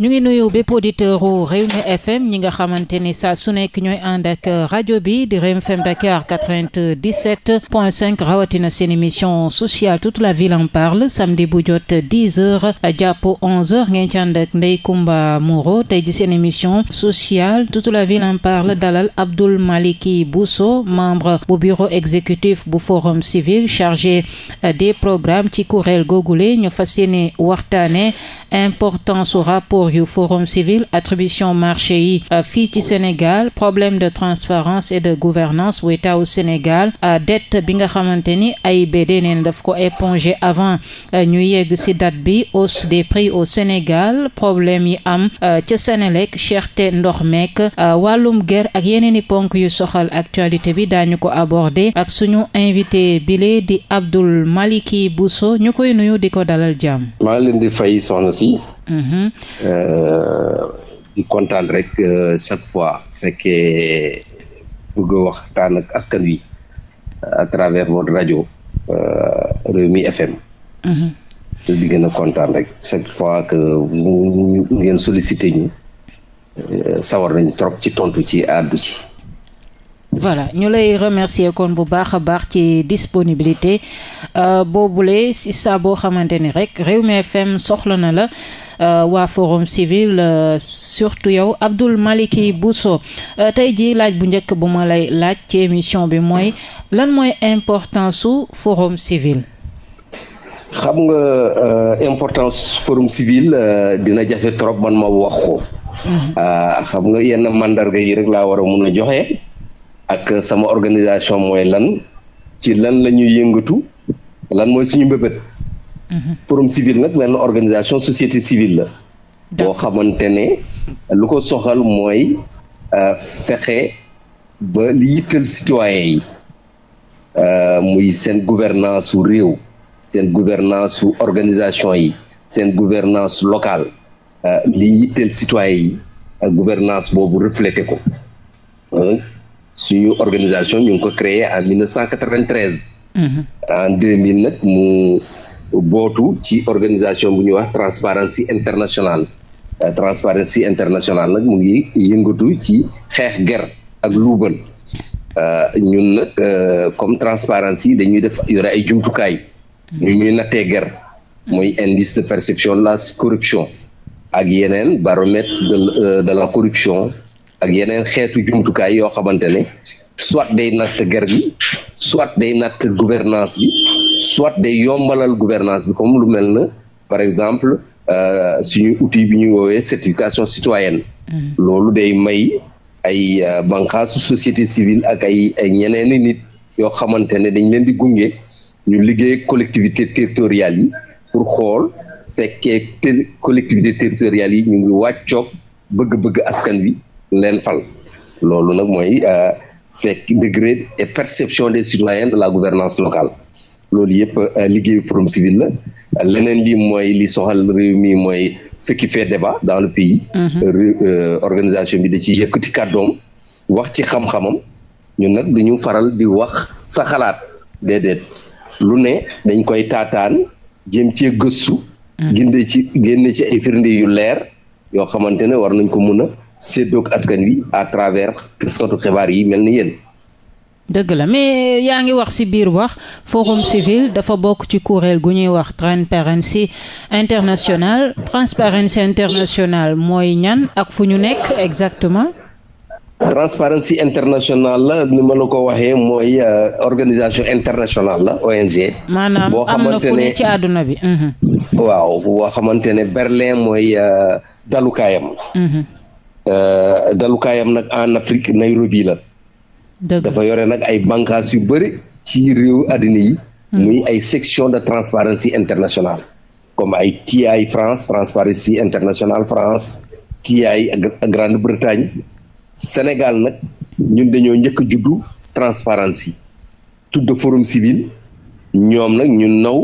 ñu ngi nuyu bépp auditeur u Rewmi FM ñi nga xamante ni saa su nekk ñooy ànd euh, rajo bi di Rewmi FM Dakar 97 point 5 rawatina seen émission sociale toute la ville en parle samdi bu jot 10 heures jàpp 11 heures ngeen ci ànd ak Ndeye tey ji seen émission sociale toute la ville en parle dalal Abdoul Maliki Bousso membre bu bureau exécutif bu forum civil chargé euh, des programme ci kuréel googule ñu fas yéene waxtaane importance rapport yu forum civil attribution marché yi euh, fii ci Sénégal problème de transparence et de gouvernance bu état Sénégal euh, dette bi nga xamante ni AIBD neen daf ko éponger avant euh, ñu yegg ci date bi hausse des prix au Sénégal problème yi am ca senelek cherté ndox meek wàllum ger ak yeneen i ponk yu soxal actualité bi daañu ko aborder ak suñu invité bile di Abdoul Maliki Bousso ñu koy nuyu di ko dalal jàmm. di fay soxna si aussi. Mm-hmm. Euh, di kontaan rek euh, chaque fois fekkee bëgg waxtaan ak askan wi euh, à travers votre rajo Rewmi FM. Mm-hmm. di gën a kontaan rek chaque fois que ngeen sollicité ñu sawar nañ trop ci tontu ci àddu ci. voilà ñu lay remercier kon bu baax a baax ci disponibilité euh, boobule si saa boo xamante ni rek Rewmi FM soxla na la euh, waa forum civil euh, surtout yow Abdoul Maliki Bousso tey jii laaj bu njëkk bu ma lay laaj ci émission bi mooy lan mooy importance su forum civil. xam nga importance forum civil dina jafe trop man ma wax ko. Mhm. xam nga yenn mandarga yi rek laa war mun a joxe. ak sama organisation mooy lan ci lan la ñuy yëngatu lan mooy suñu mbëbët. Mhm. forum civil nag benn organisation société civile la. boo xamante ne lu ko soxal mooy euh, fexe ba li yittal citoyen yi euh, muy seen gouvernance su réew seen gouvernance su organisation yi seen gouvernance locale euh, li yittal citoyen yi gouvernance boobu reflété ko suñu organisation ñu ngi ko créé en 1993. Mhm. en 2000 nag mu bootu ci organisation bu ñuy wax Transparency International. Euh, Transparency International nag mu ngi yëngatu ci xeex ger ak luubal euh, ñun nag euh, comme Transparency dañuy def yore ay jumtukaay. Mhm. ñu ñuy nattee ger. mooy indice de perception de la corruption. ak yeneen baromètre de de la corruption. ak yeneen xeetu jumtukaay yoo xamante ne soit day natt ger bi soit day natt gouvernance bi soit day yombalal gouvernance bi comme lu mel na par exemple euh, suñu uti bi ñuy woowee certification citoyenne mm. loolu day may ay euh, banqaasu société civile ak ay ay ñeneeni nit yoo xamante ne dañ leen di gunge ñu liggéey collectivité territoriale yi pour xool fekkee collectivité territoriale yi ñu ngi wàccoog bëgg-bëgg askan bi leen fal loolu nag mooy euh, fekk degré et perception des citoyens de la gouvernance locale loolu yëpp euh, liggéeyu forum civil la leneen lii mooy li soxal réew mi mooy ce qui fait débat dans le pays mhm. euh, organisation bi da ci yëkkati kàddoom wax ci xam-xamam ñun nag ñu faral di wax sa xalaat déedéet lu ne dañ koy taataan jéem cee gëstu mhm. ginde ci génne ci ay firnde yu leer yoo xamante ne war nañ ko mun a séddoog askan wi à travers taskatu xibaar yi mel ni yéen. dëgg la mais yaa ngi wax ci biir wax forum civil dafa bokk ci kuréel gu ñuy wax transparency international transparency international mooy ñan ak fu ñu nekk exactement. transparency international la ma la ko waxee mooy euh, organisation internationale la ONG. maanaam am na fu ne ci àdduna bi. Mhm. waaw boo xamante ne Berlin mooy euh, dalukaayam. Mhm. Euh, dalukaayam nag en Afrique Nairobi la. dafa yore nag ay bànqaas yu bëri ci réew àddina yi. Hmm. muy ay section de Transparency International comme ay TI France Transparency International France TI Grande-Bretagne Sénégal nag ñun dañoo njëkk a juddu Transparency tudd forum civil ñoom nag ñu naw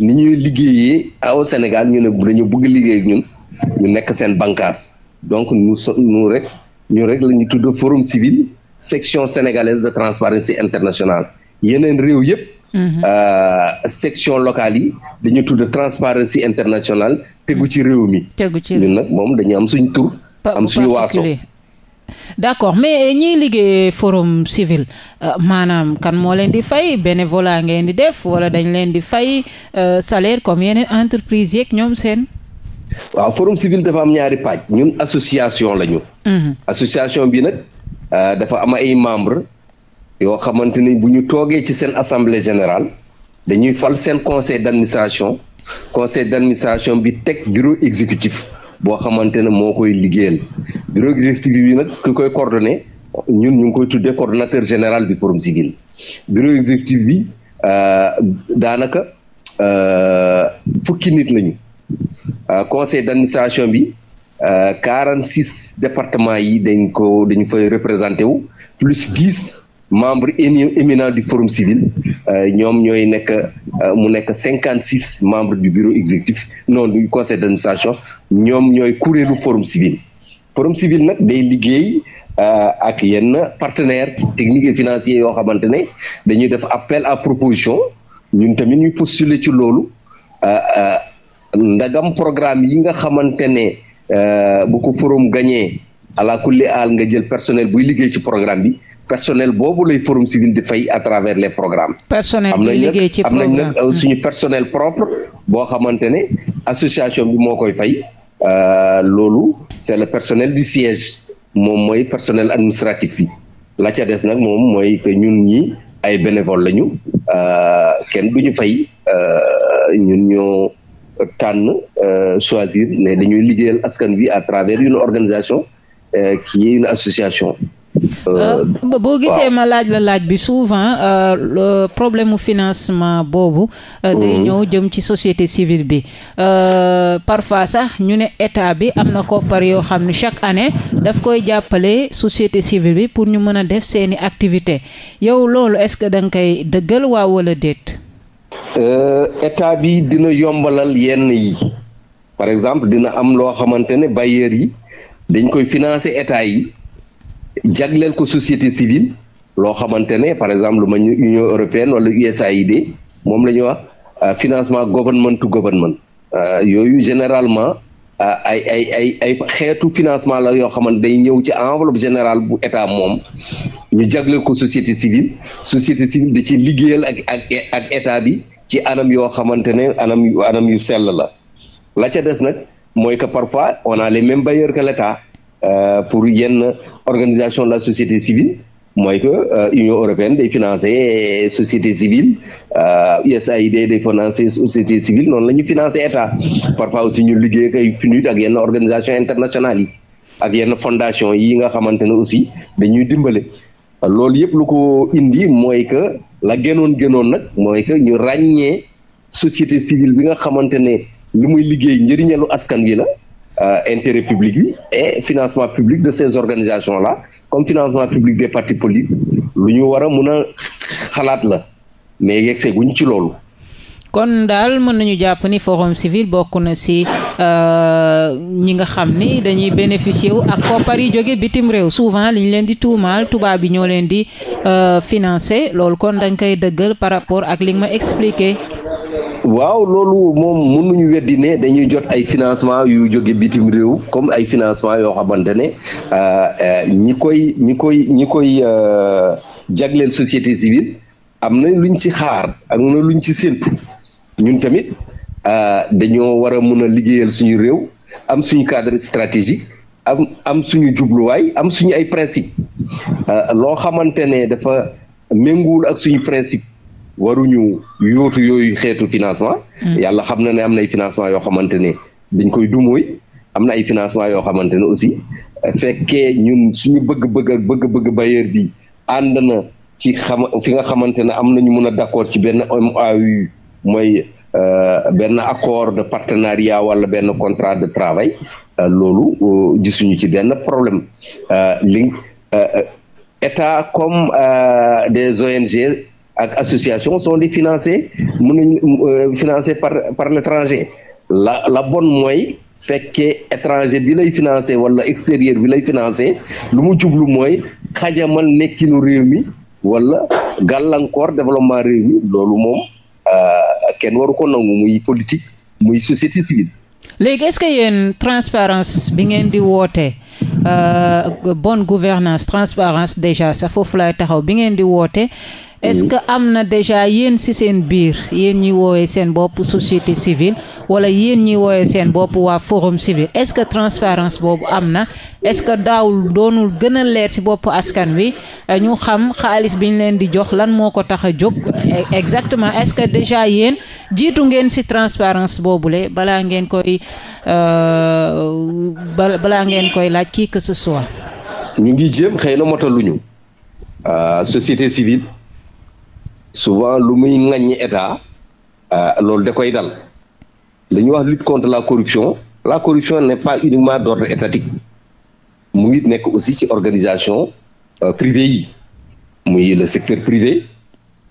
ni ñuy liggéeyee aw Sénégal ñu ne dañoo bëgg liggéey ak ñun ñu nekk seen bankaas donc nous nous rek ñu rek la ñu tudd forum civil section sénégalaise de transparence internationale yeneen réew yëpp. Mhm. Euh, section locale yi dañu tudd transparence internationale tegu ci réew mi. tegu ci ñun nag moom dañu am suñ tur. am suñu waaso. d'accord mais ñi liggéey forum civil euh, maanaam kan moo leen di fay bénévolat ngeen di def wala dañ leen di fay euh, salaire comme yeneen entreprise yeeg ñoom seen. waaw forum civil dafa am ñaari pàcc ñun association la ñu. Mhm. association bi nag euh, dafa am ay membres yoo xamante ni bu ñu toogee ci seen assemblée général dañuy fal seen conseil d' administration conseil bi teg bureau exécutif boo xamante ne moo koy liggéeyal bureau exécutif bi nag ki koy coordonné ñun ñu ngi koy tuddee coordonnateur général bi forum civil bureau exécutif bi euh, daanaka euh, fukki nit lañu Euh, conseil d'administration bi euh, quarante six départements yi dañ ko dañu fay représenté wu plus dix membres éminents du forum civil euh, ñoom ñooy nekk mu nekk cinquante six membres du bureau exécutif non du conseil d'administration ñoom ñooy kuréelu forum civil forum civil nag day liggéey ak yenn partenaire techniques et financiers yoo xamante ne dañuy def appel à proposition ñun tamit ñu postuler ci loolu ndagam programme yi nga xamante ne euh, bu ko forum gagné ala kulli aal nga jël personnel buy liggéey ci programme bi personnel boobu lay forum civil di fay à travers les programmes. personnel buy liggéey ci programme am nañ nag suñu personnel propre boo xamante ne association bi moo koy fay euh, loolu c'est le personnel di siège moom mooy personnel administratif bi la ca des nag moom mooy que ñun ñi ay bénévole lañu euh, kenn du ñu fay ñun ñoo. tànn euh, choisir ne dañuy liggéeyal askan wi à travers une organisation euh, qui est une association. Euh, boo gisee ma laaj la laaj bi souvent le problème mu financement boobu. day mm-hmm. ñëw jëm ci société civile bi. parfois sax ñu ne état bi am na koppar yoo xam ne chaque année daf koy jàppale société civile bi pour ñu mën a def seeni activité yow loolu est-ce que da nga dëggal waa walla déet. Euh, état bi dina yombalal yenn yi par exemple dina am loo xamante ne bailleurs yi dañ koy financer état yi jagleel ko société civile loo xamante ne par exemple lu ma Union européenne wala USAID moom la ñuy wax euh, financement government to government euh, yooyu généralement ay ay ay ay xeetu financement la yoo xamante day ñëw ci enveloppe général bu état moom ñu jagleel ko société civile société civile da ci liggéeyal ak ak ak état bi ci anam yoo xamante ne anam yu anam yu sell la la ca des nag mooy que parfois on a les mêmes bailleurs que l'État euh, pour yenn organisation la société civile mooy que euh, Union européenne day financer société civile euh, USAID de financer société civile noonu la ñu financer État parfois aussi ñu liggéey ak ay PNUD ak yenn organisation internationale yi ak yenn fondation yi nga xamante ne aussi dañuy dimbale loolu yëpp lu ko indi mooy que la gënoon gënoon nag mooy que ñu ràññee société civile bi nga xamante ne li muy liggéey njëriñalu askan wi la euh, intérêt public bi et financement public de ces organisations la comme financement public des partis politiques lu ñu war a mun a xalaat la mais yeggseeguñ ci loolu. kon daal mën nañu jàpp ni forum civil bokk na ci Euh, ñi nga xam ni dañuy bénéficier wu ak koppar yi jóge bitim réew souvent li ñu leen di tuumaal tubaab yi ñoo leen di euh, financer loolu kon dañ koy dëggal par rapport ak li nga ma expliqué. waaw loolu moom mënuñu weddi ne dañuy jot ay financement yu jóge bitim réew comme ay financement yoo xamante ne euh, ñi koy ñi koy ñi koy jagleel société civile am na luñ ci xaar am na luñ ci séntu ñun tamit Euh, dañoo war a mun a liggéeyal suñu réew am suñu cadre stratégique am am suñu jubluwaay am suñu ay principe euh, loo xamante ne dafa ménguwul ak suñu principe waruñu yootu yooyu xeetu financement hmm. yàlla xam na ne am na ay financement yoo xamante ne dañ koy dumooy am na ay financement yoo xamante ne aussi euh, fekkee ñun suñu bëgg-bëgg ak bëgg-bëgg bailleur bi ànd ci xam fi nga xamante ne am nañu mën a d'accord ci benn MOU mooy Euh, benn accord de partenariat wala benn contrat de travail euh, loolu euh, gisuñu ci benn problème li état comme des ONG ak associations sont de financés mën nañ financés par par l'étranger la la bonne mooy fekkee étranger bi lay financé wala extérieur bi lay financé lu mu jublu mooy xajamal nekkinu réew mi wala gàllankoor développement réew mi loolu moom Euh, kenn waru ko nangu muy politique muy société civile. léegi est-ce que yéen transparence bi ngeen di woote euh, bonne gouvernance transparence déjà sa foofu laay taxaw bi ngeen di woote. est-ce que am na déjà yéen ci seen biir yéen ñi woowee seen bopp société civile wala yéen ñi woowee seen bopp waa forum civil est-ce que transparence boobu am na est-ce que daawul doonul gën a leer ci bopp askan wi euh, ñu xam xaalis bi ñu leen di jox lan moo ko tax a jóg e, exactement est-ce que déjà yéen jiitu ngeen ci transparence boobule balaa ngeen koy euh, balaa ngeen koy laaj kii que ce soit. ñu ngi jéem xëy na motaluñu euh, société civile. souvent lu muy ŋaññi état euh, loolu da koy dal li ñuy wax lutte contre la corruption la corruption n'est pas uniquement d'ordre étatique mu ngi nekk aussi ci organisation euh, privée yi muy le secteur privé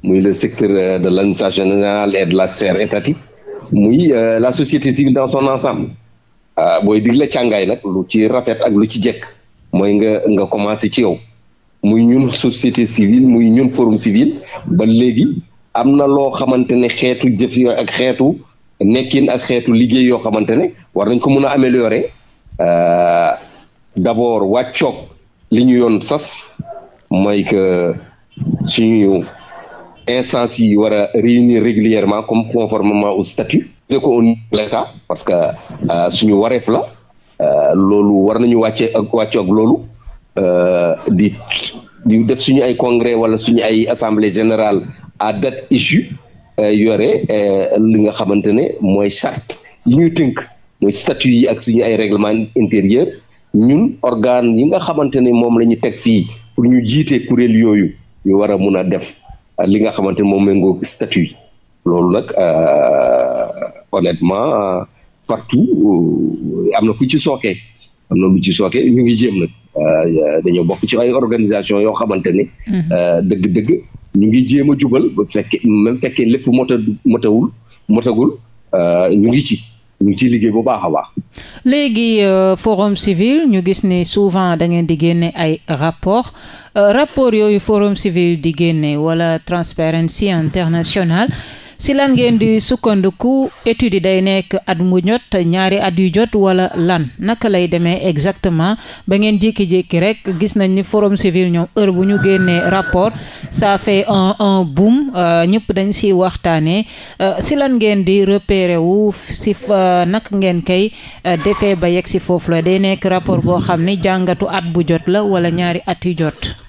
muy le secteur euh, de l'administration générale et de la sphère étatique muy la société civile dans son ensemble booy digle càngaay nag lu ci rafet ak lu ci jekk mooy nga nga commencé ci yow muy ñun société civile muy ñun forum civil ba léegi am na loo xamante ne xeetu jëf yooyu ak xeetu nekkin ak xeetu liggéey yoo xamante ne war nañ ko mun a améliorer euh, d'abord wàccook li ñu yoon sas mooy que suñu instance yi war a réunir régulièrement comme conformément au statut ko au parce que euh, suñu wareef la euh, loolu war nañu wàcce ak wàccoog loolu Euh, di di def suñu ay congrès wala suñu ay assemblée générale à date issue euh, yore euh, li nga xamante ne mooy charte yi ñuy tënk mooy statut yi ak suñu ay règlement intérieur ñun organe ñi nga xamante ne moom la ñu teg fii pour ñu jiitee kuréel yooyu ñu war a mun a def li nga xamante ne moom méngoo statut yi loolu nag honnêtement partout am na fu ci sookee am na lu ci sookee ñu ngi jéem nag Euh, dañoo bokk ci ay organisation yoo xamante ni. Mhm. Euh, dëgg-dëgg ñu ngi jéem a jubal ba fekkee même fekkee lépp mota motawul motagul euh, ñu ngi ci. ñu ngi ciy liggéey bu baax a baax. léegi forum civil ñu gis ne souvent da ngeen di génne ay rapport rapport yooyu forum civil di génne wala Transparency International si lan ngeen di sukkandiku étude yi day nekk at mu jot ñaari at yu jot wala lan naka lay demee exactement ba ngeen jékki-jékki rek gis nañ ni forum civil ñoom heure bu ñu génnee rapport ça fait un buum boom euh, ñëpp dañ si waxtaanee euh, si lan ngeen di repérer wu si euh, naka ngeen kay defee ba yegg si foofu la day nekk rapport boo xam ni jàngatu at bu jot la wala ñaari at yu jot.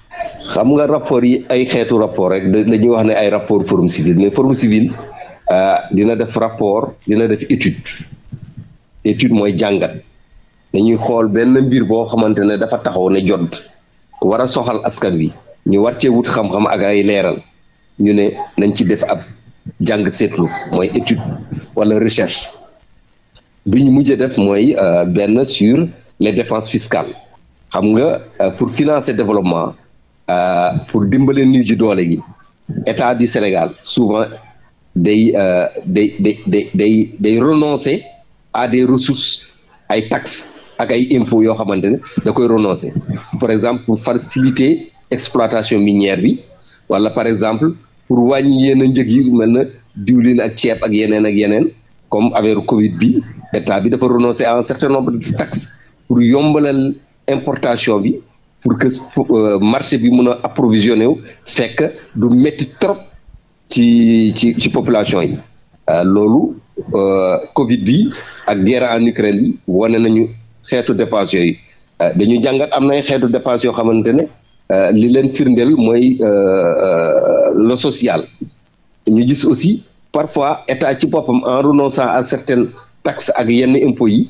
xam nga rapport yi ay xeetu rapport rek dañuy wax ne ay rapport forum civil mais forum civil euh, dina def rapport dina def étude étude mooy jàngat dañuy xool benn mbir boo xamante ne dafa taxaw ne jot war a soxal askan wi ñu war cee wut xam-xam ak ay leeral ñu ne nañ ci def ab jàng seetlu mooy étude wala recherche bi ñu mujjee def mooy euh, benn sur les dépenses fiscales xam nga euh, pour financer développement Euh, pour dimbale nit ji doole gi état du Sénégal souvent day euh, day day day day day renoncer à des ressources ay taxes ak ay impôts yoo xamante ne da koy renoncer par exemple pour faciliter exploitation minière bi wala par exemple pour wàññi yenn njëg yi mel na diwlin ak ceeb ak yeneen ak yeneen comme affaire Covid bi état bi dafa renoncer en un certain nombre de taxes pour yombalal importation bi. pour que euh, marché bi mun a approvisionné wu fekk du métti trop ci ci ci population yi euh, loolu euh, Covid bi ak guerre en Ukraine bi wane nañu xeetu dépense yooyu dañu jàngat am na ay xeetu dépense yoo xamante ne li leen firndeel mooy le sociale ñu gis aussi parfois état ci boppam en renonçant à certaines taxes ak yenn impôts yi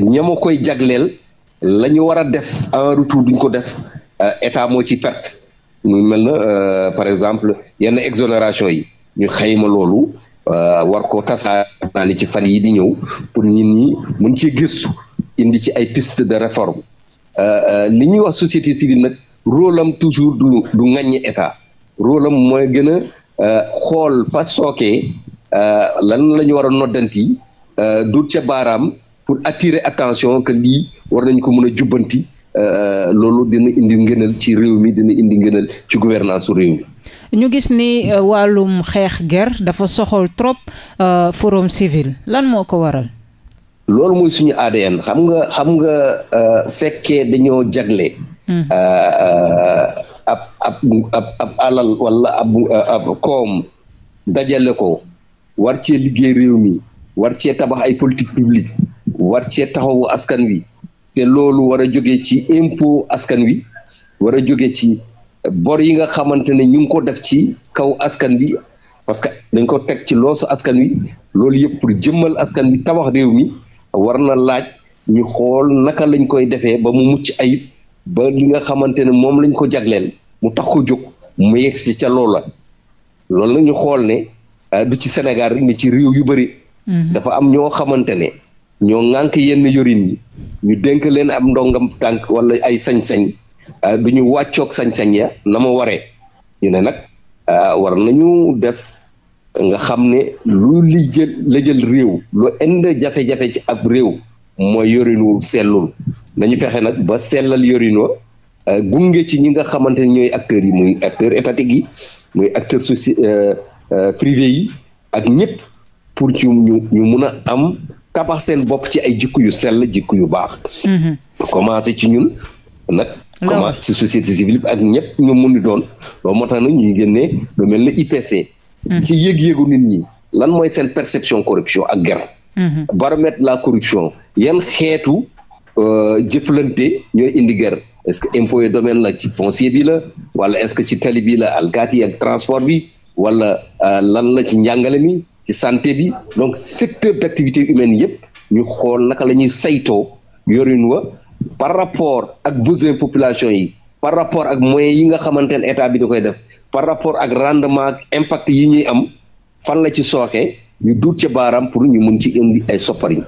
ñama koy jagleel la ñu war a def en retour duñ ko def euh, état moo ci perte mu mel na euh, par exemple yenn exonération yi ñu xayma loolu euh, war ko tasaa naa ci fan yi di ñëw pour ñu ñi mën ci gistu indi ci ay piste de réforme li ñuy wax société civile nag rôle am toujours du du ŋàññi état rôle am mooy gën a xool fa sookee lan lañu ñu war a noddanti duut ca baaraam pour attirer attention que lii war nañ ko mën a jubbanti euh, loolu dina indi ngënal ci réew mi dina indi ngënal ci gouvernance su réew mi. ñu gis ni euh, wàllum xeex ger dafa soxal trop euh, forum civil lan moo ko waral. loolu mooy suñu ADN xam nga xam nga fekkee dañoo jagle. Hmm. ab ab ab alal wala ab ab koom dajale ko war ci liggéey réew mi. war cee tabax ay politique publique war cee taxawu askan wi te loolu war a jóge ci impôt askan wi war a jóge ci bor yi nga xamante ne ñu ngi ko def ci kaw askan wi parce que dañ ko teg ci loosu askan wi loolu yëpp pour jëmmal askan wi tabax réew mi war na laaj ñu xool naka lañ koy defee ba mu mucc ayib ba li nga xamante ne moom lañ ko jagleel mu tax ko jóg mu yegg si ca loola loolu la ñu xool ne ah, du ci Sénégal rek ni ci réew yu bëri Mm-hmm. dafa am ñoo xamante ne ñoo ŋànk yenn yorin yi ñu dénk leen am ndongam tànk wala ay sañ-sañ euh, du ñu wàccoog sañ-sañ ya na ma waree ñu ne nag euh, war nañu def nga xam ne lu li la jël réew lu ind jafe-jafe ci ab réew mooy yorinu sellul nañu fexe nag ba sellal yorinoo euh, gunge ci ñi nga xamante ni ñooy acteurs yi muy acteurs étatiques yi muy acteurs soci privé yi ak ñëpp pour ci ñu ñu mun a am tabax seen bopp ci ay jikko yu sell jikko yu baax. Mhm. commencé ci ñun nag. comment ci société civile bi ak ñëpp ñu mun di doon loolu moo tax génnee lu mel ne IPC. Mhm. ci yëg-yëgu nit ñi lan mooy seen perception corruption ak guerre. Mhm. baromètre la corruption yan xeetu euh, jëflante ñooy indi guerre est-ce que impôt et domaine la ci foncier bi la wala est-ce que ci tali bi la alkaati ak transport bi wala euh, lan la ci njàngale mi ci santé bi donc secteur d' activité humaine yëpp ñu xool naka la ñuy saytoo yorin wa par rapport ak besoin population yi par rapport ak moye yi nga xamante ne état bi da koy def par rapport ak rendement ak impact yi ñuy am fan la ci sooxee ñu duut ci baaraam pour ñu mun ci indi ay soppariñ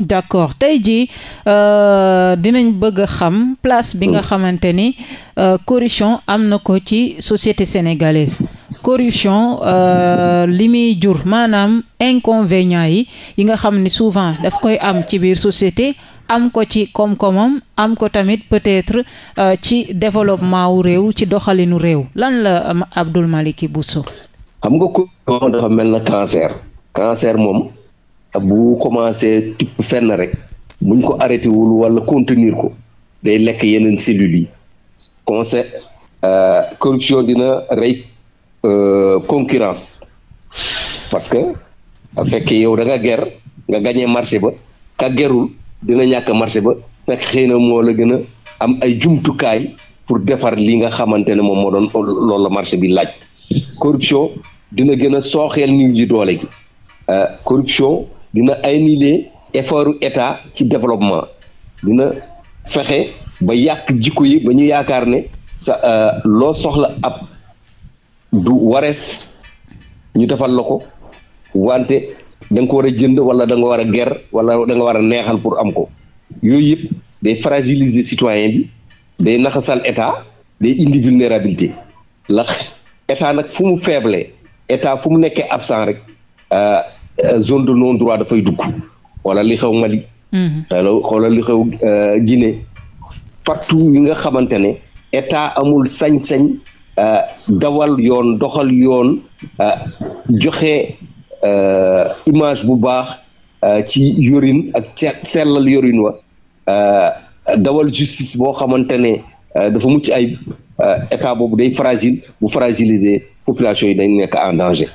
d' accord tey jii euh, dinañ bëgg a xam place bi nga hmm. xamante ni euh, Corruption am na ko ci société sénégalaise corruption euh, li muy jur maanaam inconvénients yi yi nga xam ni souvent daf koy am ci biir société am ko ci koom-koomam am ko tamit peut-être euh, ci développement wu réew ci doxalinu réew lan la euh, Abdou Maliki Bousso xam nga corruption dafa mel na cancer cancer moom bu commencé tipp fenn rek buñ ko arrêté wul wala contenir ko day lekk yeneen cellules yi conseil corruption dina rey euh, concurrence parce que fekk yow da nga ger nga gañee marché ba ka gerul dina ñàkk marché ba fekk xëy na moo la gën a am ay jumtukaay pour defar li nga xamante ne moom moo doon loolu la marché bi laaj corruption dina gën a sooxeel nit ñi doole gi euh, corruption dina ay annuler effortu état ci développement dina fexe ba yàq jikko yi ba ñu yaakaar ne sa euh, loo soxla ab du wareef ñu defal la ko wante da nga ko war a jënd wala da nga war a ger wala da war a neexal pour am ko yooyu yëpp day fragiliser citoyen bi day naxasal état day indi vulnérabilité lax état nag fu mu faible état fu mu nekkee absent rek euh, euh, zone de non droit dafay dugg wala li xew Mali. Mhm. xoolal li xew euh, Guinée. partout yi nga xamante ne état amul sañ-sañ. Euh, dawal yoon doxal yoon euh, joxe euh, image bu baax ci yorin ak sellal yorin wa dawal justice boo xamante ne dafa mucc ay état boobu day fragile bu fragiliser population yi dañ nekk en danger.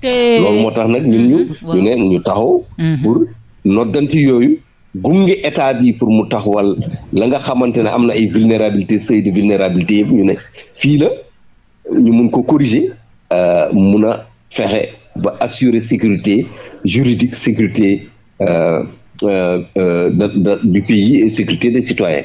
te moo tax nag ñun ñu. Mm-hmm. ñu ne mm-hmm. pour noddanti yooyu. gunge état bi pour mu taxawal la nga xamante ne am na ay vulnérabilité seuil de vulnérabilité yëpp ñu ne fii la ñu mun ko corriger euh, mun a fexe ba assurer sécurité juridique sécurité euh, euh, euh du pays et sécurité des citoyens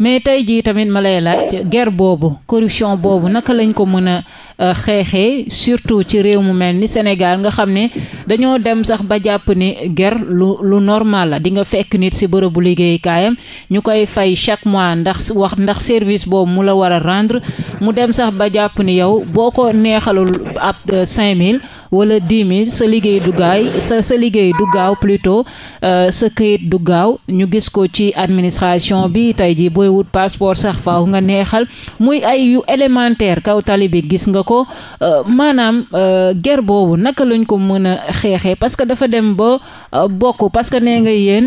mais tey jii tamit ma lay laaj boobu corruption boobu naka lañ ko mën Euh, xeexee surtout ci réew mu mel ni Sénégal nga xam ne dañoo dem sax ba jàpp ni ger lu lu normal la di nga fekk nit si bërëbu liggéeykaayam ñu koy fay chaque mois ndax wax ndax service boobu mu la war a rendre mu dem sax ba jàpp ni yow boo ko neexalul ab 5000 euh, wala 10 000 sa liggéey du gaay sa sa liggéey du gaaw plutôt euh, sa këyit du gaaw ñu gis ko ci administration bi tey ji booy wut passeport sax faaw nga neexal muy ay yu élémentaire kaw tali bi gis nga ko euh, maanaam euh, ger boobu naka lañ ko mën a xeexee parce que dafa dem ba euh, bokk parce que nee nga yéen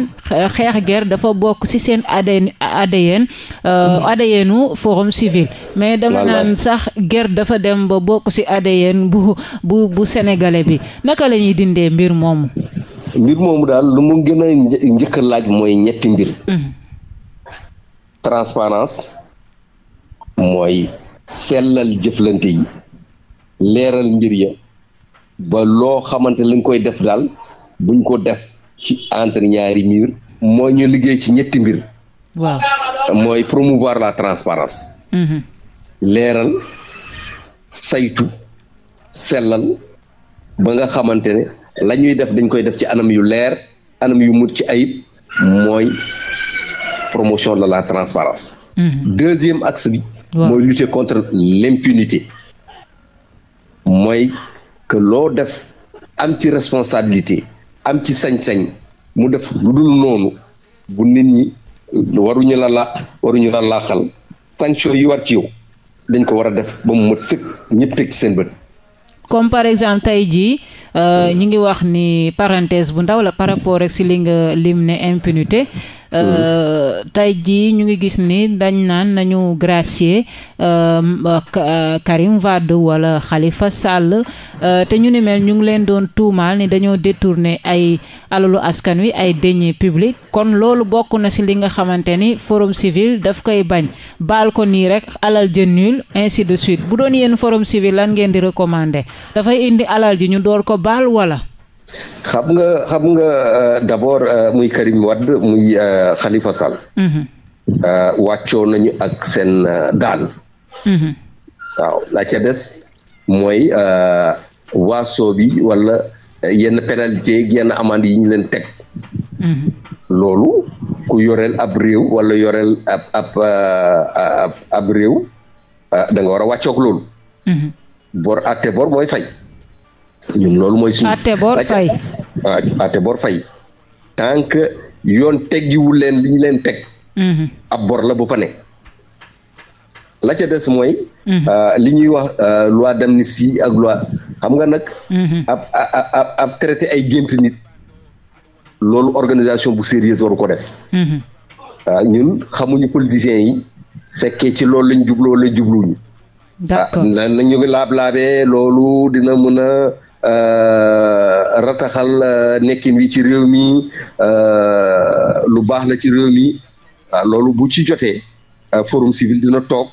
xeex guerre dafa bokk ci seen ADN ADN ADNu forum civil mais dama naan sax guerre dafa dem ba bokk ci ADN bu bu bi naka la dindee mbir moomu mbir moomu daal lu mu gën a njëkk laaj mooy ñetti mbir mooy sellal jëflante yi leeral mbir ya ba loo xamante lañ koy def daal buñ ko def ci entre ñaari moo ñu liggéey ci ñetti mbir waaw mooy promouvoir la transparence mm-hmm. leeral saytu sellal ba nga xamante ne la ñuy def dañ koy def ci anam yu leer anam yu mucc ci ayib mooy promotion de la transparence mm-hmm. deuxième axe bi mooy lutter contre l'impunité mooy que loo def am ci responsabilité am ci sañ-sañ mu def lu dul noonu bu nit ñi euh, waruñu la làq waruñu la laaxal sanction yi war ci yow dañ ko war a def ba mu mët sëkk ñëpp teg ci seen bët. comme par exemple tey jii euh, mm. ñu ngi wax ni parenthèse bu ndaw la par rapport rek si li nga lim ne impunité. Euh, tey jii ñu ngi gis ni dañ naan nañu gracier euh, euh, Karim Wade wala xalifa Sall te ñu ni mel ñu ngi leen doon tuumaal ni dañoo détourner ay alalu askan wi ay deniers publics kon loolu bokk na si li nga xamante ni forum civil daf koy bañ baal ko nii rek alal jën nul ainsi de suite bu doon yéen forum civil lan ngeen di recommander dafay indi alal ji ñu door ko baal wala xam nga xam nga euh, d' abord euh, muy Karim Wade muy euh, Khalifa Sall. Mm-hmm. wàccoo nañu ak seen daan. Mm-hmm. waaw la ca des mooy waaso bi wala yenn pénalité yenn amande yi ñu leen teg. Mm-hmm. loolu ku yoreel ab réew wala yoreel ab ab ab réew danga nga war a wàccoog loolu. bor àtte bor mooy fay. ñun loolu mooy suñu àtte Boor Fay àtte Boor Fay tant que yoon teggiwul leen li ñu leen teg mhm. ab bor la bu fa ne la ca des mooy mhm. euh, li ñuy wax euh, loi d'amnistie ak loi xam nga nag mhm. ab ab ab traité ay gént nit loolu organisation bu sérieuse waru ko def waaw euh, ñun xamuñu politiciens yi fekkee ci loolu lañ jublu wala jubluñu d'accord ah, na ñu ngi laab-laabee loolu dina mën Euh, rataxal euh, nekkin wi ci réew mi euh, lu baax la ci réew mi waaw loolu bu ci jotee forum civil dina toog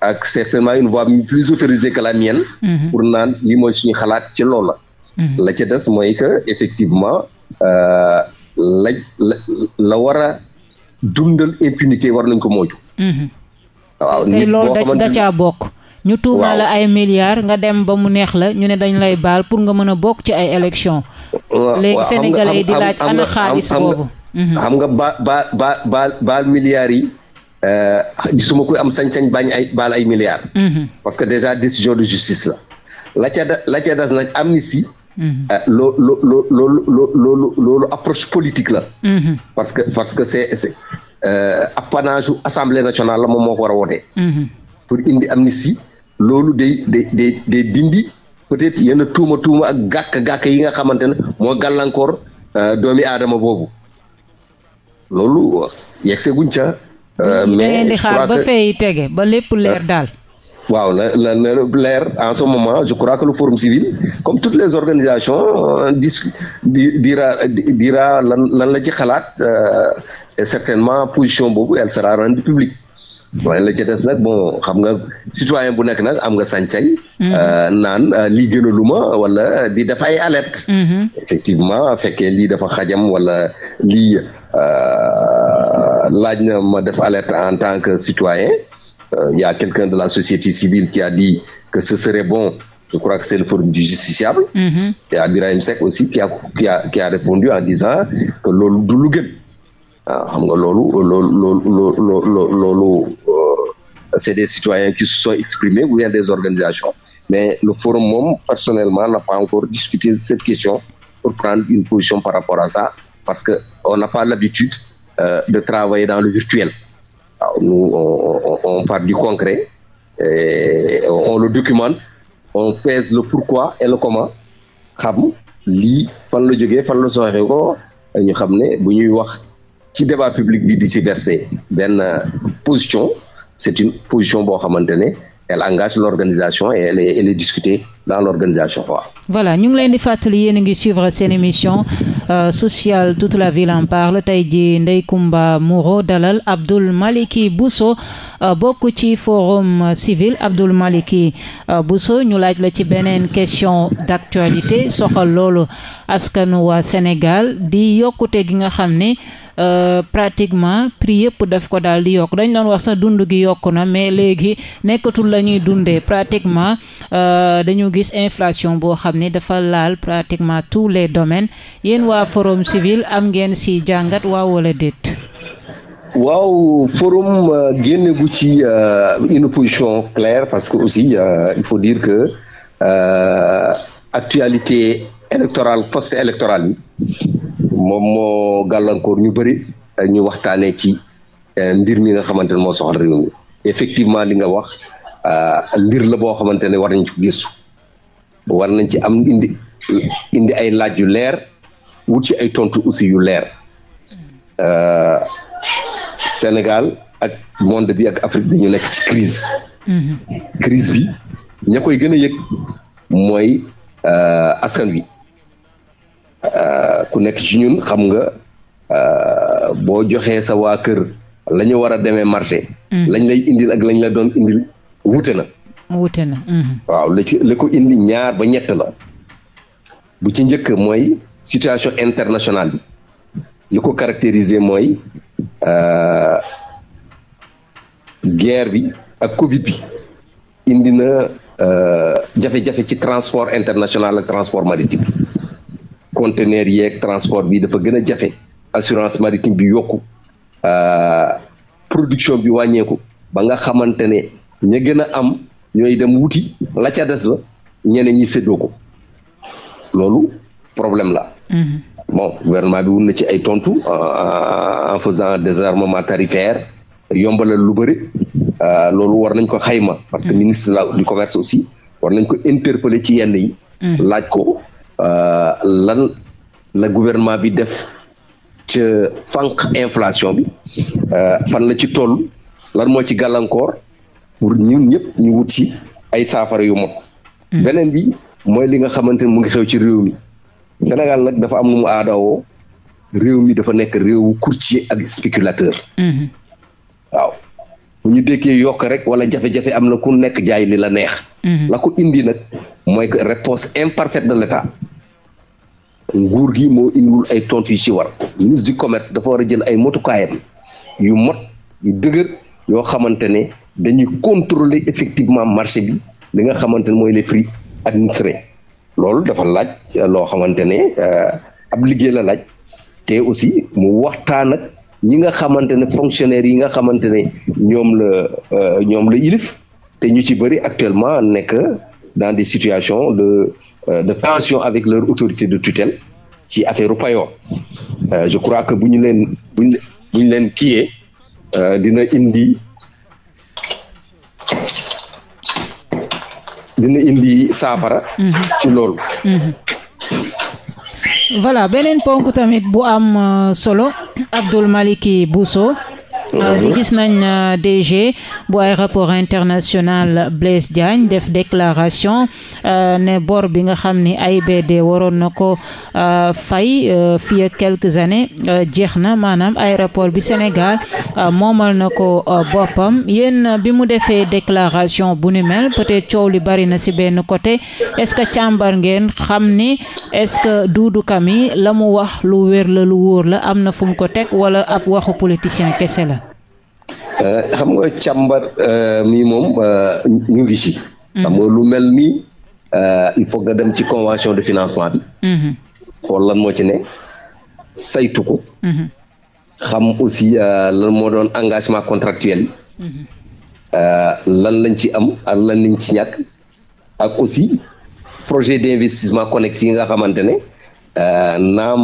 ak certainement une voix plus autorisée que la mienne. Mhm. pour naan li mooy xalaat ci loola. Mhm. la ca des mooy que effectivement la la war a dundal impunité war nañ ko moytu. Mhm. waaw nit boo xamante bokk. ñu tuumaal la ay milliards nga dem ba mu neex la ñu ne dañ lay baal pour nga mën a bokk ci ay élections. léegi sénégalais yi di laaj ana xaalis boobu. Mhm. xam nga ba ba ba baal baal milliards yi. Euh, gisuma kuy am sañ-sañ bañ ay baal ay milliards. Mhm. parce que déjà décision de justice la. la ca da la ca das nag amnistie. Mhm. Euh, loo loo loo loo loolu loolu approche politique la. parce que parce que c'est c'est euh, assemblée nationale la moom moo ko war a wootee. pour indi amnistie loolu de day day day dindi peut-être yenn tuuma tuuma ak gàkk-gàkk yi nga xamante ne moo gàllankoor euh, doomi aadama boobu loolu yegsee guñ ca. Euh, mais di xaar ba fay tege ba lépp leer daal. Euh, waaw la la leer en ce moment je crois que le forum civil comme toutes les organisations dis di dira dira lan lan la ji xalaat e certainement position boobu elle sera rendue publique. waaye la ca bon xam nga citoyen bu nekk nag am nga sañ-sañ. Mhm. Euh, naan euh, lii gënaluma wala di def ay alerte. Mhm. effectivement fekkee lii dafa xajam wala lii euh, laaj na ma def alert en tant que citoyen y quelqu'un de la société civile qui a dit que ce serait bon. je crois que c'est le forum justiciable. Mm Birahim Seck aussi qui a qui a répondu en disant que loolu du lu xam nga loolu loolu loolu loolu loolu euh, c'est des citoyens qui se sont exprimés ou bien des organisations mais le forum moom personnellement n'a pas encore discuté de cette question pour prendre une position par rapport à ça parce que on n'a pas l'habitude euh, de travailler dans le virtuel on, on, part du concret et on le documente on pèse le pourquoi et le comment xam lii fan la jógee fan la soxee ko ñu xam ne bu ñuy wax ci débat public bi di si benn euh, position c'est une position boo xamante ne elle engage l'organisation et elle est, elle est discutée dans l'organisation waaw. voilà ñu ngi leen di fàttali yéen a ngi suivre seen émission euh, sociale toute la ville en parle tey ji Ndeye Comba Moreau dalal Abdoul Malick Bousso euh, bokk ci forum civil Abdoul Malick euh, Bousso ñu laaj la ci beneen question d'actualité soxal loolu askanuwa waa Sénégal di yokkute gi nga xam ne pratiquement prix yëpp daf ko daal di yokk dañ doon wax sax dund gi yokku mais léegi nekkatul la ñuy dundee pratiquement dañu gis boo xam ne dafa laal pratiquement tous les domaines yéen waa forum civil am ngeen si jàngat waaw wala déet. waaw forum euh, génne gu ci euh, une position claire parce que aussi euh, il faut dire que euh, actualité électorale post électorale bi moom moo gàllankoor ñu bëri ñu waxtaanee ci mbir mi nga xamante ne moo soxal réew mi effectivement li nga wax mbir la boo xamante ne war nañ ko gëstu war nañ ci am indi ay laaj yu leer wut ci ay tontu aussi yu leer euh, Sénégal ak monde bi ak Afrique dañu nekk ci crise mhm. crise bi ña koy gën a yëg mooy euh, askan wi euh, ku nekk ci ñun xam nga euh, boo joxee sa waa kër la war a demee marché. Mhm. lañ lay indil ak lañ la doon indil wuute na. wuute na. Mhm. waaw li ci indi ñaar ba ñett la bu ci njëkk mooy situation international bi li ko caractériser mooy euh, guerre bi ak Covid bi indi na euh, jafe-jafe ci transport international ak transport maritime conteneur yeeg transport bi dafa gën a jafe assurance maritime bi yokku euh, production bi wàññeeku ba nga xamante ña gën a am ñooy dem wuti la ca des ba ñeneen ñi séddoo ko loolu problème la. Mhm. bon gouvernement bi wun na ci ay tontu euh, euh, en faisant désarmement tarifaire yombalal lu bëri euh, loolu war nañ ko xayma parce que mhm. ministre du commerce aussi war nañ ko interpeller ci yenn mhm. laaj ko lan la gouvernement bi def ca fànq inflation bi fan la ci toll lan moo ci gàllankoor pour ñun ñëpp ñu wut ci ay saafara yu mot. Hmm. beneen bi mooy li nga xamante ne mu ngi xew ci réew mi Sénégal nag dafa am nu mu aadawoo réew mi dafa nekk réew courtier ak spéculateur. Hmm. waaw ñu dékkee yokk rek wala jafe-jafe am na ku nekk jaay li la neex. Hmm. la indi nag mooy que réponse imparfaite de l'État. nguur gi moo indiwul ay tontu yu ci war ministre du commerce dafa war a jël ay motukaayam yu mot yu dëgër yoo xamante ne dañuy contrôler effectivement marché bi li nga xamante ne mooy le prix administrés loolu dafa laaj loo xamante ne euh, ab liggéey la laaj te aussi mu waxtaan ak ñi nga xamante ne fonctionnaires yi nga xamante ne ñoom la euh, ñoom la ilif te ñu ci bëri actuellement nekk dans des situation de euh, de tension avec leur autorité de tutel ci affaire u je crois que bu ñu leen bu ñu leen kiyee dina indi dina indi saafara. Mhm. ci loolu. Mhm. voilà beneen ponk tamit bu am euh, solo Abdou Malick Bousso. Euh, gis nañ euh, DG bu aéroport international Blaise Diagne def déclaration euh, ne bor bi nga xam ni ay AIBD waroon na ko fay fii ak quelques années jeex na maanaam aéroport bi Sénégal moomal na ko boppam yéen bi mu defee déclaration bu ni mel peut-être coow li bari na ci benn côté est-ce que càmbar ngeen xam ni est-ce que Doudou Ka la mu wax lu wér la lu wóor la am na fu mu ko teg wala ab waxu politicien kese la. Euh, xam nga càmbar euh, mi moom euh, ñu ngi ci. Mhm. xam nga lu mel nii il faut nga dem ci convention de financement bi. Mhm. xool lan moo ci ne saytu ko. Mhm. xam aussi lan moo doon engagement contractuel yi. lan lañ ci am ak lan lañ ci ñàkk ak aussi projet d'investissement connexe yi nga xamante ne naam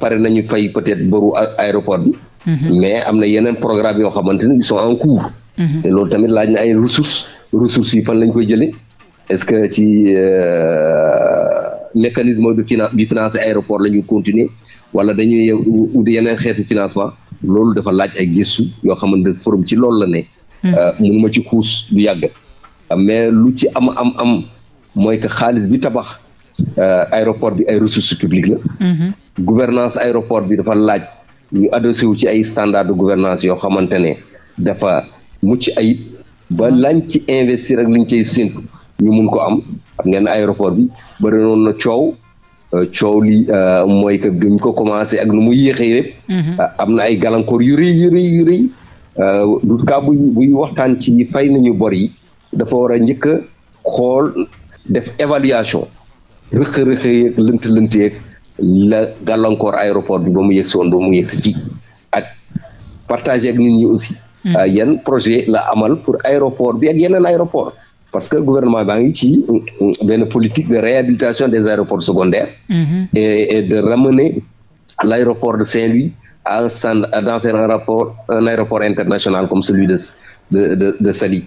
pare nañu fay peut-être boru aéroport bi. Mm-hmm. mais am na yeneen programme yoo xamante ni ils sont en cours. Mm-hmm. te loolu tamit laaj na ay ressources ressources yi fan lañ koy jëlee est-ce que ci euh, mécanisme de finance bi financé aéroport la ñuy continuer wala dañuy yeneen xeetu financement loolu dafa laaj ay gëstu yoo xamante ne forum ci loolu la ne. Mm-hmm. Euh, mënuma ci xuus lu yàgg. mais lu ci am am am mooy que xaalis bi tabax euh, aéroport bi ay ressources publiques la. gouvernance aéroport bi dafa laaj. ñu adossé wu ci ay standard de gouvernance yoo xamante ne dafa mucc ay ba lañ ci investir ak liñ cay séntu ñu mun ko am xam ngeen aéroport bi bëri noonu na coow euh, coow li euh, mooy que bi ko commencé ak nu mu yéexee mhm. euh, am na ay gàllankoor yu rëy yu rëy yu rëy du cas buy buy waxtaan ci fay nañu bor yi dafa war a njëkk a xool def évaluation rëq-rëq yeeg lënt lënt yeeg la gàllankoor aéroport bi ba mu yegsi woon ba mu yegsi fii ak partager ak nit ñi aussi. Hmm. Euh, yan projet la amal pour aéroport bi ak yeneen aéroport parce que gouvernement baa ngi ci benn politique de réhabilitation des aéroports secondaires. Hmm. et de ramener l' de Saint-Louis à un stand d'en faire un aéroport international comme celui de de de de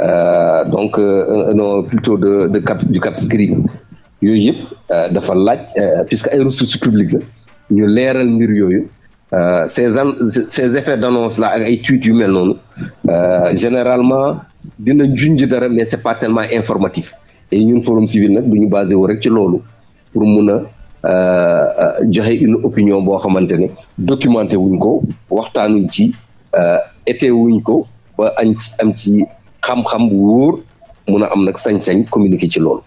euh, donc euh, de Cap du yooyu yëpp euh, dafa laaj euh, puisque ay ressources publiques la ñu leeral mbir yooyu euh, ces am ces effets d'annonce là ak ay tweets yu mel noonu généralement dina junj dara mais c'est pas tellement informatif et ñun forum civil nag du ñu basé wu ci loolu pour mun a joxe une opinion boo xamante ne documenté wuñ ko waxtaanuñ ci été wuñ ko ba am ci am ci xam-xam bu wóor mun a am nag sañ-sañ communiquer ci loolu.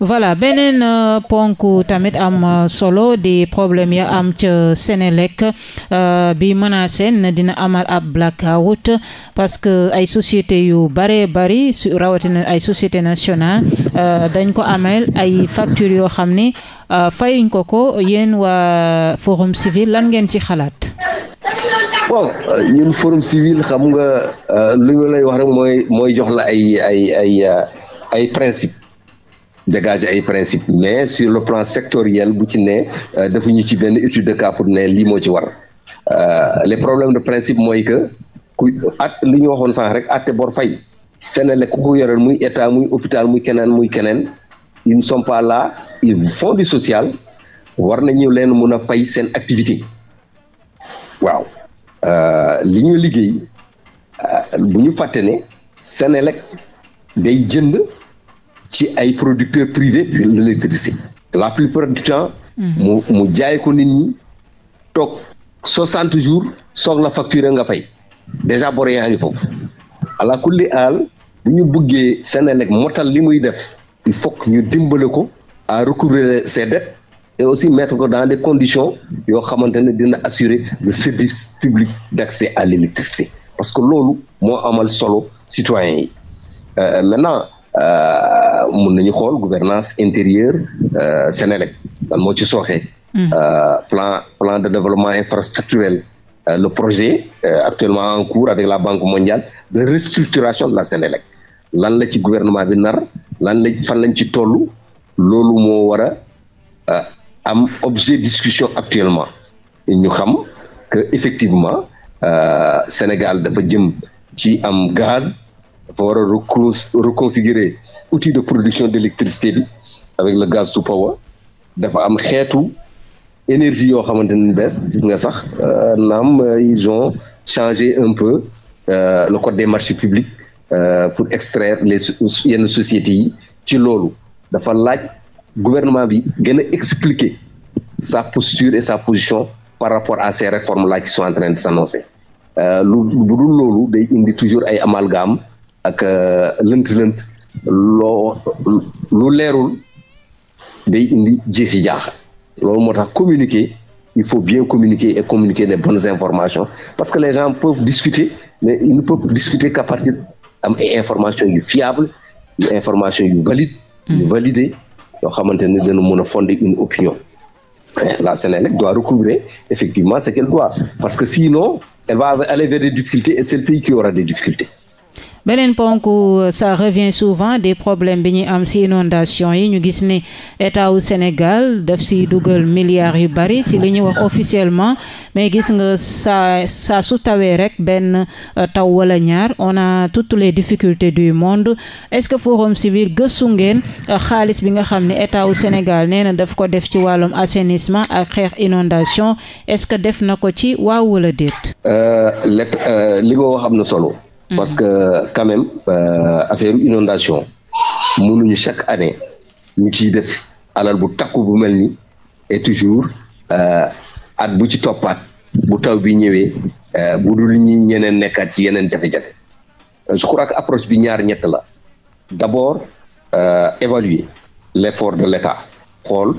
voilà beneen euh, ponk tamit am euh, solo di problème ya am ca Senelec euh, bi menacé na dina amal ab blackout parce que ay société yu bare bari rawatina ay société nationale dañ ko amel ay facture yoo xam ni fayuñ ko ko yéen waa forum civil lan ngeen ci xalaat waaw nga lu lay wax rek mooy mooy jox la ay ay ay ay principe dégager ay principe mais sur le plan sectoriel bu ci nee euh, dafa ñu ci benn étude de cas pour ne lii moo ci war euh, les problèmes de principe mooy que ku at li ñu waxoon sànq rek atte bor fay Senelec ku ko yoreel muy état muy hôpital muy keneen muy keneen ils ne sont pas là ils font du social war nañu leen mun a fay seen activité waaw euh, li ñu liggéey bu ñu fàtte ne Senelec day jënd ci ay producteurs privés de l'électricité la plupart du temps. Hmm. mu mu jaay ko nit toog soixante jours soog la facture nga fay déjà bor yaa ngi foofu ala kulli aal bu ñu bëggee Senelec motal li muy def il faut ñu dimbale ko à recouvrer ses et aussi mettre ko dans des conditions yoo xamante ne dina assurer le service public d'accès à l'électricité parce que loolu moo amal solo citoyens yi euh, Euh, mun nañu xool gouvernance intérieure euh, Sénélec lan moo ci sooxee hmm. euh, plan plan de développement infrastructurel le projet actuellement en cours avec la Banque mondiale de restructuration de la Sénélec lan la ci gouvernement bi nar lan la fan lañ ci toll loolu moo war a am objet discussion actuellement ñu xam que effectivement Sénégal dafa jëm ci am gaz dafa war a reconfigurer outil de production d' électricité bi avec le gaz to power dafa am xeetu énergie yoo xamante ne bees gis nga sax euh, naam euh, ils ont changé un peu euh, le code des marché publics euh, pour extraire les yenn yi ci loolu dafa laaj gouvernement bi gën a expliquer sa posture et sa position par rapport à ces réformes là qui sont en train de s'annoncer euh, lu bu loolu day indi toujours ay amalgame ak lënt-lënt euh, loo lu leerul day indi jiixi loolu moo tax communiquer il faut bien communiquer et communiquer les bonnes informations parce que les gens peuvent discuter mais ils ne peuvent discuter qu'à partir am ay informations yu fiables yu yu valide yu hmm. validées yoo xamante ne dana mën a fonder une opinion la Sénélec doit recouvrer effectivement ce qu'elle doit parce que sinon elle va aller vers des difficultés et c'est le pays qui aura des difficultés beneen ponk sa euh, revient souvent des problèmes bi ñuy am ci inondation yi ñu gis ni état wu Sénégal daf ci dugal milliards yu bari ci li ñuy wax officiellement mais gis nga sa saa su tawee rek benn euh, taw wala ñaar on a toutes les difficultés du monde est-ce que forum civil gëstu ngeen euh, xaalis bi nga xam ne état wu Sénégal nee na daf ko def ci wàllum assainissement ak xeex inondation est-ce que def na ko ci waaw wala déet. li nga wax am na solo. parce que quand même euh, affaire inondation mënuñu chaque année ñu ciy def alal bu takku bu mel ni et toujours euh, at bu ci toppaat bu taw bi ñëwee euh, bu dul ñi ñeneen nekkaat ci yeneen jafe-jafe je crois que approche bi ñaar ñett la d'abord euh, évaluer l'effort de l'État xool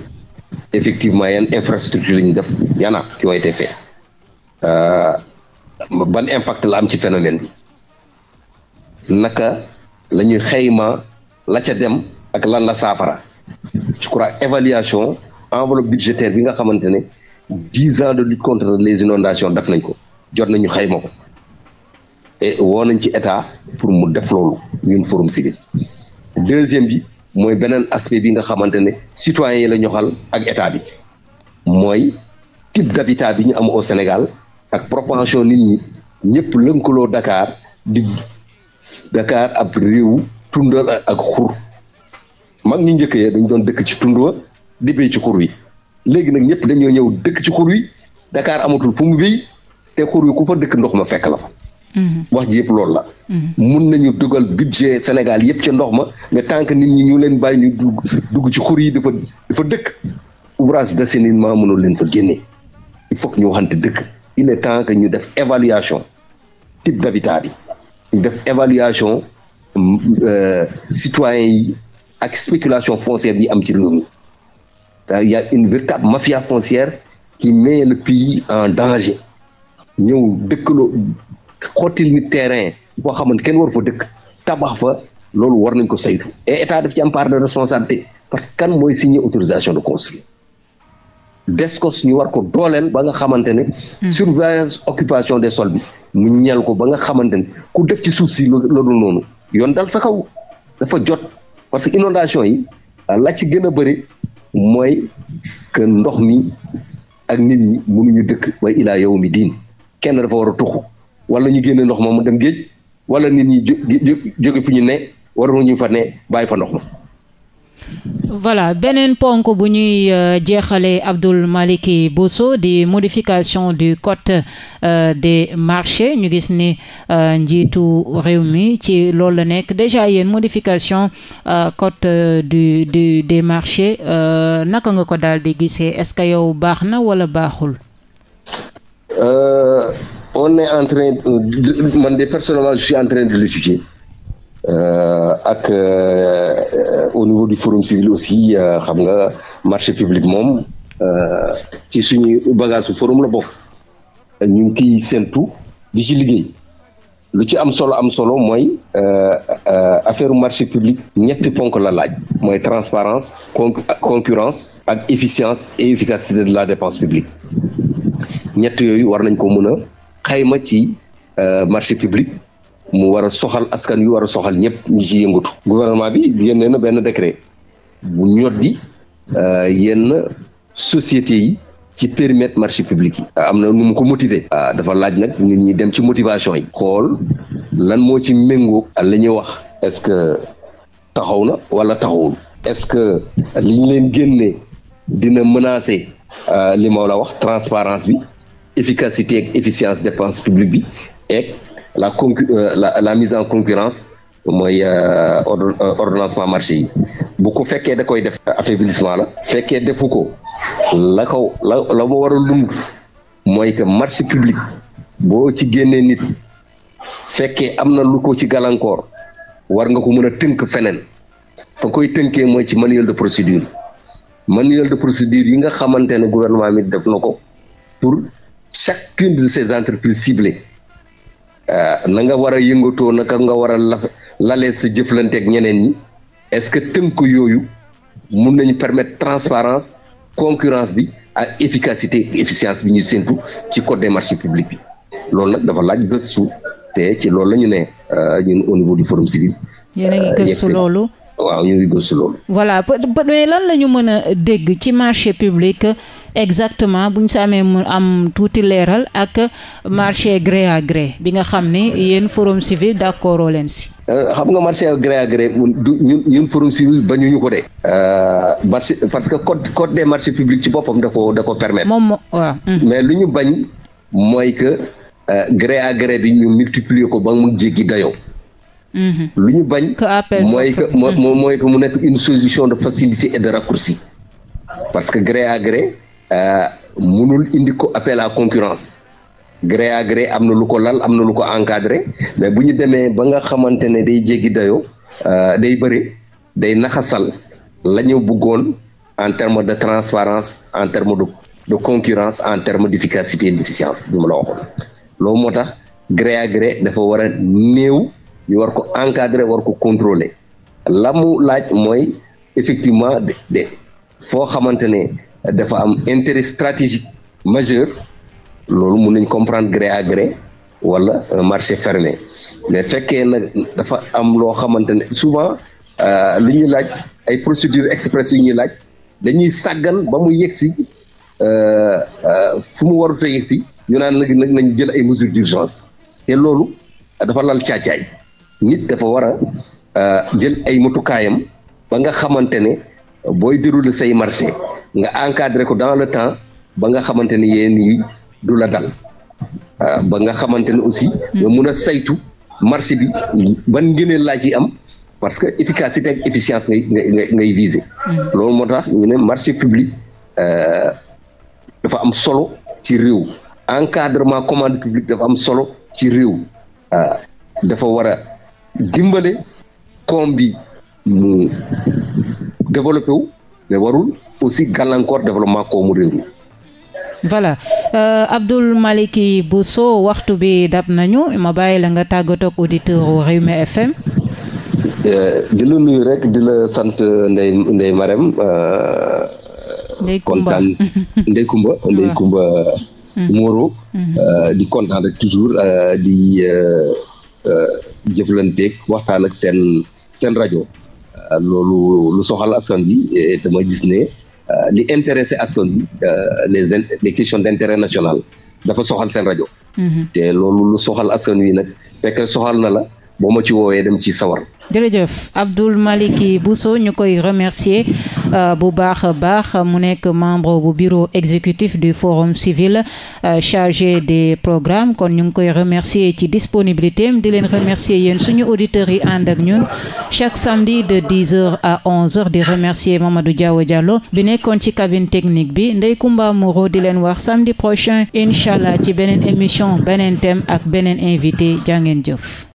effectivement yan infrastructure yi ñu def yana qui ont été fait ban impact la am ci phénomène bi naka la ñuy xayma la ca dem ak lan la saafara je crois évaluation enveloppe budgétaire bi nga xamante ne dix ans de lutte contre les inondations def nañ ko jot nañu xayma ko et woo nañ ci état pour mu def loolu ñun forum civil deuxième bi mooy beneen aspect bi nga xamante ne citoyens yi la ñoxal ak état bi mooy type d'habitat bi ñu am au Sénégal ak propension nit ñi ñëpp lënkaloo Dakar di Dakar ab réew tundal ak xur mag ñu njëkk yee dañ doon dëkk ci tund wa di béy ci xur wi léegi nag ñëpp dañoo ñëw dëkk ci xur wi Dakar amatul fu mu béy te xur wi ku fa dëkk ndox ma fekk la fa. Mhm. wax ji yëpp loolu la. Mhm. mun nañu dugal budget Sénégal yëpp ci ndox ma mais tant que nit ñi ñu leen bàyyi ñu dugg ci xur yi dafa dafa dëkk ouvrage d'assainissement mënul leen fa génne il faut ñu ñu ti dëkk il est temps que ñu def évaluation type d'habitat bi. def évaluation mm, euh, citoyen yi ak spéculation foncière bi am ci réew mi il y a une véritable mafia foncière qui met le pays en danger ñëw dëkkaloo xottil ni terrain boo xaman kenn war fo dëkk tabax fa loolu war nañ ko saytu e état def ci am part de responsabilité parce que kan mooy signer autorisation de construire descos ñu war ko dooleel ba nga xamante ne. Hmm. surveillance occupation des sols bi mu ñel ko ba nga xamante ne ku def ci suuf si loolu noonu yoon dal sa kaw dafa jot parce que inondation yi la ci gën a bëri mooy que ndox mi ak nit ñi mënuñu dëkk ba ilaa yow mi diin kenn dafa war a tuxu wala ñu génne ndox ma mu dem géej wala nit ñi jóge fu ñu ne waruñu fa ne bàyyi fa ndox ma. voilà beneen ponk bu ñuy euh, jeexalee Abdoul Maliki Bousso di modification du code euh, des marchés ñu gis ni euh, njiitu réew mi ci loolu la nekk déjà yéen modification code du du des marchés naka nga ko daal di gisee est-ce que yow baax na wala baaxul. on est en train man de personnellement je Euh, ak euh, au niveau du forum civil aussi euh, xam nga marché public moom ci suñu bagage su forum la bokk ñu ngi kiy séntu di ci liggéey lu ci am solo am solo mooy affaire marché public ñetti ponk la laaj mooy transparence concurrence ak efficience et efficacité de la dépense publique ñett yooyu war nañ ko mën a xayma ci marché public mu war a soxal askan yu war a soxal ñëpp ñi ci yëngatu gouvernement bi génnee na benn décret bu ñoddi euh, yenn société yi ci périmètre marché public yi euh, am na nu mu ko motiver euh, dafa laaj nag nit ñi dem ci motivation yi kool lan moo ci méngoo la ñuy wax est-ce que taxaw na wala taxawul est-ce que li leen génnee dina menacer li ma la wax transparence bi efficacité ak efficience dépense publique bi et la, euh, la la mise en concurrence mooy euh, euh, ordonnancement marché yi bu ko fekkee da koy def affaiblissement la fekkee defu ko la ko la la ma war a mooy que marché public boo ci génnee nit fekkee am na lu ko ci gàllankoor war nga ko mën a tënk feneen fa koy tënkee mooy ci manuel de procédure manuel de procédure yi nga xamante ne gouvernement mi def na ko pour chacune de ces entreprises ciblées Euh, na nga war a yëngatoo naka nga war a lalee sa jëflanteeg ñeneen ñi est-ce que tënk yooyu mun nañu permettre transparence concurrence bi ak efficacité efficience bi ñu séntu ci code des marchés publics bi loolu nag dafa laaj gëstu te ci loolu la ñu ne euh, ñun au niveau du forum civil. yéen euh, gëstu loolu. waaw ñuy gëstu loolu. voilà mais lan la ñu mën a dégg ci marché public exactement bu ñu sa amee mu am tuuti leeral ak marché gré à bi nga xam ni yéen forum civil d' accord leen si. Euh, xam nga marché gré à gré ñun ñun forum civil bañu ñu ko de. Euh, marché parce que code code des marchés publics ci boppam da ko da ko permettre. moom waaw. mais lu ñu bañ mooy que euh, gré à bi ñu multiplier ko ba mu jéggi dayoo. Mm-hmm. lu ñu bañ. mooy que mm-hmm. mooy que mu nekk une solution de facilité et de raccourci. parce que gré à gré euh, mënul indi ko appel à concurrence gré à am na lu ko lal am na lu ko encadré mais bu ñu demee ba nga xamante ne day jéggi dayoo euh, day bëri day naxasal la ñu bëggoon en terme de transparence en terme de de concurrence en terme d' efficacité et d' efficience la waxoon loolu moo tax gré à gré dafa war a néew. ñu war ko encadrer war ko contrôler lamu laaj mooy effectivement de de foo xamante ne dafa am intérêt stratégique majeur loolu mun nañ comprendre gré à gré wala marché fermé mais fekkee nag dafa am loo xamante ne souvent euh, lu ñuy laaj ay procédure express yu ñuy laaj dañuy sàggan ba mu yegg si euh, euh, fu mu warut a yegg si ñu naan nag nañ jël ay mesures d'urgence te loolu dafa lal caacaay nit dafa war a euh, jël ay matukaayam ba nga xamante ne booy dérouler say marché nga encadré ko dans le temps ba nga xamante ne yéen du la dal euh, ba nga xamante ne aussi nga mun a saytu marché bi ba ngëneel laaj yi am parce que efficacité ak efficience ngay ngay ngay mm-hmm. loolu moo tax marché public euh, dafa am solo ci réew encadrement commande publique dafa am solo ci réew war dimbale koom bi mu développé mais warul aussi gàllankoor développement koomu réew mi voilà euh, Abdoul Maliki Bousso waxtu bi dab nañu ma bàyyi la nga tàggatoog auditeur u Rewmi FM euh, di la nuyu rek di la sant Ndeye Ndeye Marème euh, Ndeye Kumba kontaan Kumba Ndeye mm. Mm. Euh, di kontaan rek toujours di jëflanteeg waxtaan ak seen seen rajo euh, loolu lu soxal askan bi dama gis ne euh, li intéressé askan bi euh, les les questions d'intérêt national dafa soxal seen rajo. Mm-hmm. te loolu lu soxal askan wi nag fekk soxal na la boo ma ci woowee dem ci sawar. jërëjëf Abdoul Malick Bousso ñu koy remercier euh, bu baax baax mu nekk membre bu bureau exécutif du forum civil euh, chargé de programmes kon ñu ngi koy remercier ci disponibilité am di leen remercier yéen suñu auditeurs yi ànd ak ñun chaque samedi de 10 heures à 11 heures di remercier Mamadou Diaw Diallo bi nekkoon ci cabine technique bi Ndeye Comba Moreau di leen wax samedi prochain incha allah ci beneen émission beneen tem ak beneen invité jaa jëf.